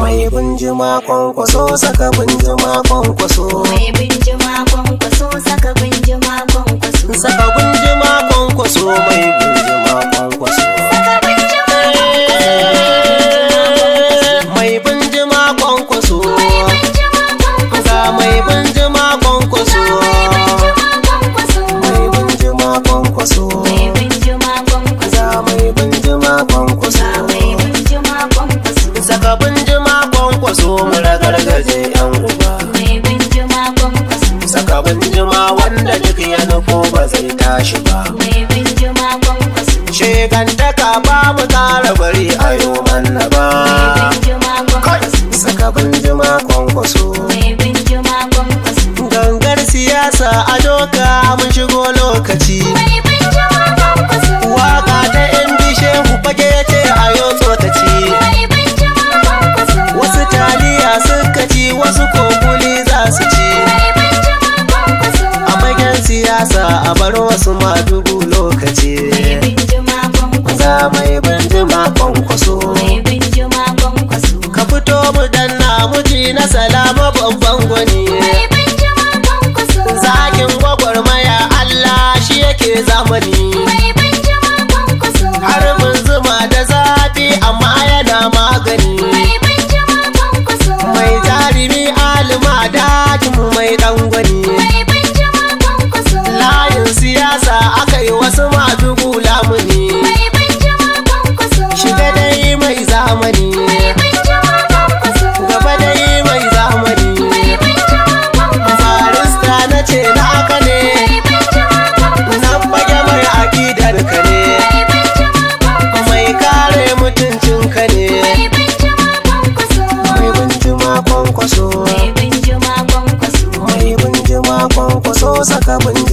Mai bunjima kwankwaso saka bunjima kwankwaso. Mai bunjima kwankwaso saka bunjima kwankwaso. mura gargaje yan uba saka binjima wanda duk ya nufo ba zai tashi ba shekantaka ba mu tara bari a yi manna ba saka binjima kwankwaso gangar siyasa a doka mun shigo su ci a magen siyasa a bar wasu ma dubu lokaci za mai binjima kwankwaso ka fito mu danna muji na salama babban gwani zakin gwagwarmaya Allah shi yake zamani ce na ka ne nan fage mai akidar ka ne mai kare mutuncin ka ne mai bunjuma kwankwaso mai bunjuma kwankwaso saka bunjuma